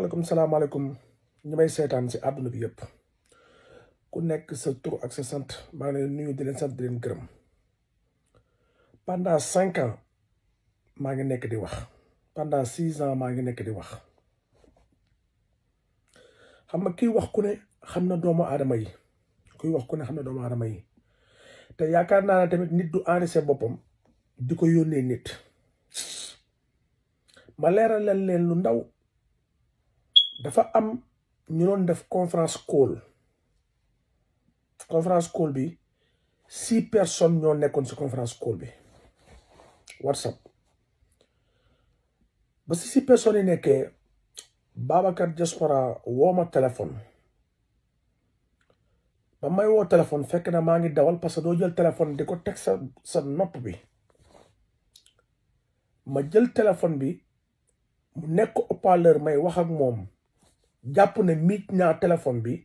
maaleykum salaamaaleykum ñi may seetaan si àdduna bi yëpp ku nekk sa tur ak sa sant maa ngi leen nuyu di leen sant leen gërëm pendant cinq maa ngi nekk di wax pendant six ans maa ngi nekk di wax xam nga kiy wax ku ne xam na doomu aadama yi kuy wax ku ne xam na doomu aadama yi te yaakaar naa ne tamit nit du enrichir boppam di ko yónnee nit ma leeral leen leen lu ndaw. dafa am ñu doon def confrance call conférence call bi six personnes ñoo nekkoon si conférence call bi whatsapp ba si six personnes yi nekkee Babacar Diaspora woo ma téléphone ba may woo téléphone fekk na maa ngi dawal parce que doo jël téléphone di ko teg sa sa nopp bi ma jël téléphone bi mu nekk haut may wax ak moom jàpp ne miic ñaar téléphone bi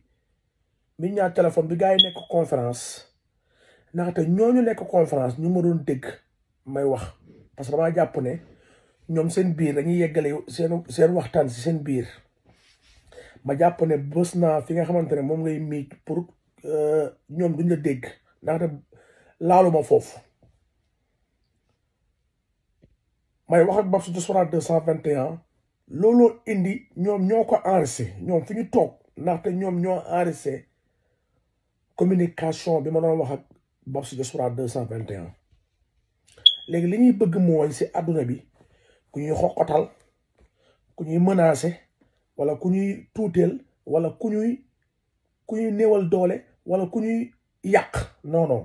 miic ñaa téléphone bi gars yi nekk conférence ndaxte ñooñu nekk conférence ñu ma doon dégg may wax parce que damaa jàpp ne ñoom seen biir dañuy yeggale seen seen waxtaan si seen biir ma jàpp ne bës naa fi nga xamante ne moom ngay miic pour euh, ñoom duñ la dégg ndaxte laaluma foofu may wax ak Babs Diaspora 221 looloo indi ñoom ñoo ko enregistré ñoom fi ñu toog ndaxte ñoom ñoo enregistré communication bi ma doon wax ak Box Diaspora 221 léegi li ñuy bëgg mooy si àdduna bi ku ñuy xoqotal ku ñuy menacé wala ku ñuy tuuteel wala ku ñuy ku ñuy néewal doole wala ku ñuy yàq non non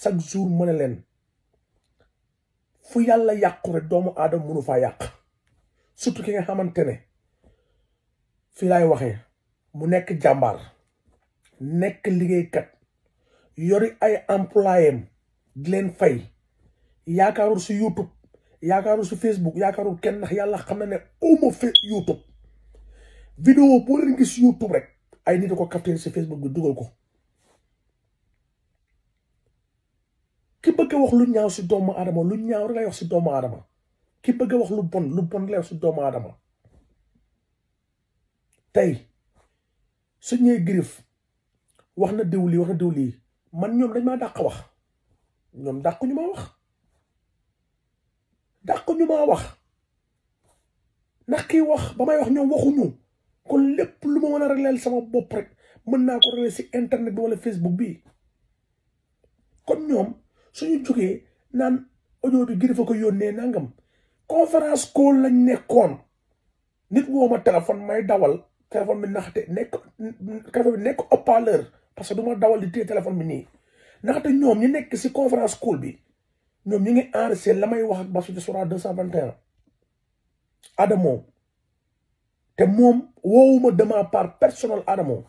chaque jour mën leen fu yàlla yàqu rek doomu aadama mënu faa yàq surtout ki nga xamante ne fii laay waxee mu nekk jàmbaar nekk liggéeykat yori ay employéem di leen fay yaakaarul si YouTube yaakaarul si Facebook yaakaarul kenn ndax yàlla xam na ne uma fi YouTube vidéo boo leen gis YouTube rek ay nit ko capté si Facebook bi dugal ko ki bëgg a wax lu ñaaw si doomu aadama lu ñaaw rek lay wax si doomu aadama ki bëgg wax lu bon lu bon leew su doomu aadama tey su ñëwee Griff wax na diw lii wax na diw lii man ñoom dañ maa dàq wax ñoom dàq ñu maa wax dàq ñu maa wax ndax kii wax ba may wax ñoom waxuñu kon lépp lu ma mën a régleel sama bopp rek mën naa ko réglé si internet bi wala Facebook bi kon ñoom suñu jógee naan audio bi Griff ko yónnee nangam conférence call lañ nekkoon nit woo ma téléphone may dawal téléphone bi naxte nekk téléphone nekk haut-parleur parce que du ma dawal di téye téléphone bi nii naxte ñoom ñi nekk si conférence call bi ñoom ñu ngi enregistré la may wax ak Bassirou Diomaye deux cent vingt et un Adamo te moom woowuma de ma part personnel moom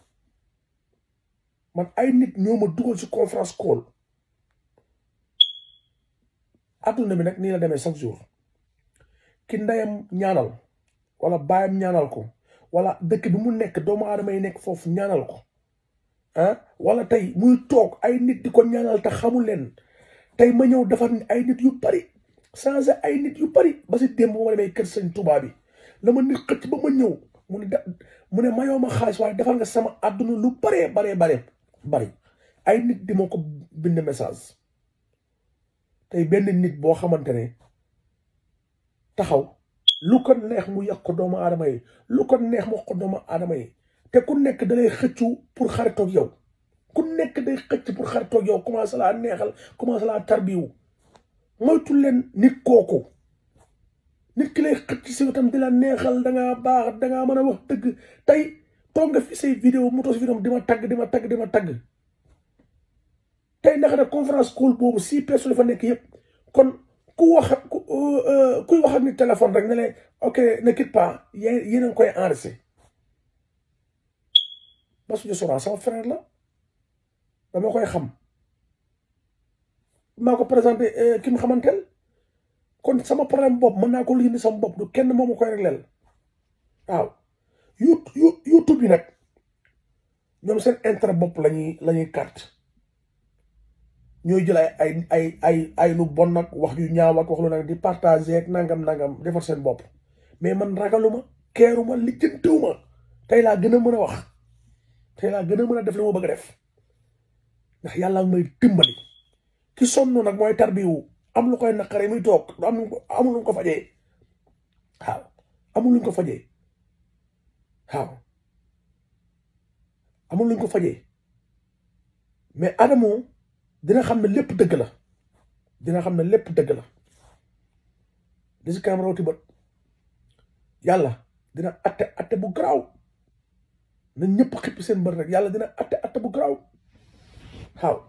man ay nit ñoo ma dugal si conférence call adduna bi nag nii la demee chaque jour ki ndeyam ñaanal wala baayam ñaanal ko wala dëkk bi mu nekk doomu aadama yi nekk foofu ñaanal ko ah wala tey muy toog ay nit di ko ñaanal te xamul leen tey ma ñëw defar ay nit yu bari changé ay nit yu bari ba si démb ma demee kër sëñ la ma nit ma ñëw mu ne mu ne mayoo ma xaalis waaye defal nga sama àdduna lu baree baree baree bari ay nit di ma ko bind message tey benn nit boo xamante ne taxaw lu kon neex mu yàq ko doomu adama yi lu kon neex mu wax ko doomu aadama yi te ku nekk da ngay xëccu pour xaritoog yow ku nekk day xëcc pour xaritoog yow commencé laa neexal commencé laa tarbiwu moytu leen nit kooku nit ki lay xëcc si wetam di la neexal da ngaa baax da ngaa mën a wax dëgg tey toog nga fi say vidéo mu toog si vidéo di ma tagg di ma tagg di ma tagg tey ndax nag conférence call boobu si personne fa nekk yëpp kon ku wax Oh, euh, kuy wax ak ni téléphone rek ne leen ok ne quitte pas yéen yéen a ngi koy enregistré Bass Thioung Souran sama frère la dama koy xam maa ko présenté euh, ki mu xamanteel kon sama problème bopp mën naa ko lii ni sama bopp du kenn moomu koy régleel waaw YouTube YouTube yi nag ñoom seen intérêt bopp lañuy la ñuy carte ñooy jël ay ay ay ay lu bon nag wax yu ñaaw ak wax lu nag di partager ak nangam nangam defar seen bopp mais man ragaluma keeruma lijjantiwuma tey laa gën a mën a wax tey laa gën a mën a def li ma bëgg a def ndax yàlla may dimbali ki sonn nag mooy tarbiwu am lu koy naqare muy toog am amul lu ko fajee waaw amul luñ ko fajee waaw amul luñ ko fajee mais Adamo dina xam ne lépp dëgg la dina xam ne lépp dëgg la li bët yàlla dina atte atte bu garaaw na ñëpp xippi seen bët rek yàlla dina atte atte bu garaaw waaw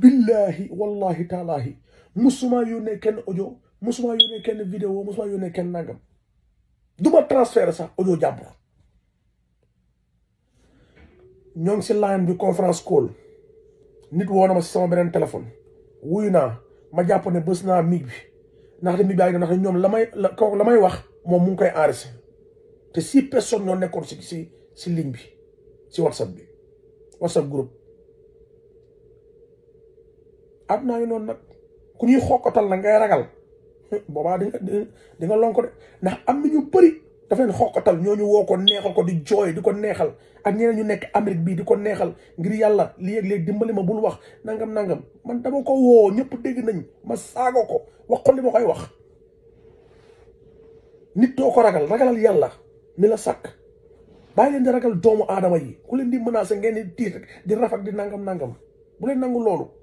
billahi wallahi taalaahi musuma yónnee kenn audio musuma yónnee kenn vidéo musuma yónnee kenn nagam du ma transféré sax audio jàmbur ñoo ngi si line bi confrance call nit woo na ma si sama beneen téléphone wuyu naa ma jàpp ne bës naa miig bi ndax de miig baa ngi ndax ñoom la may la kooku la may wax moom mu ngi koy enregistré te six personnes ñoo nekkoon si si si ligne bi si whatsapp bi whatsapp groupe am naa ngi noonu nag ku ñuy xokkatal la ngay ragal boobaa di nga di de ndax am na ñu bëri dafa tal ñoo ñu woo ko neexal ko di jooy di ko neexal ak ñeneen ñu nekk Amérique bii di ko neexal ngir yàlla li léeg-léeg dimbali ma bul wax nangam nangam man dama ko woo ñëpp dégg nañ ma saagoo ko wax ko li ma koy wax. nit doo ko ragal ragalal yàlla mi la sàkk bàyyi leen di ragal doomu aadama yi ku leen di mën menacer ngeen di tiit di rafet di nangam nangam bu leen nangu loolu.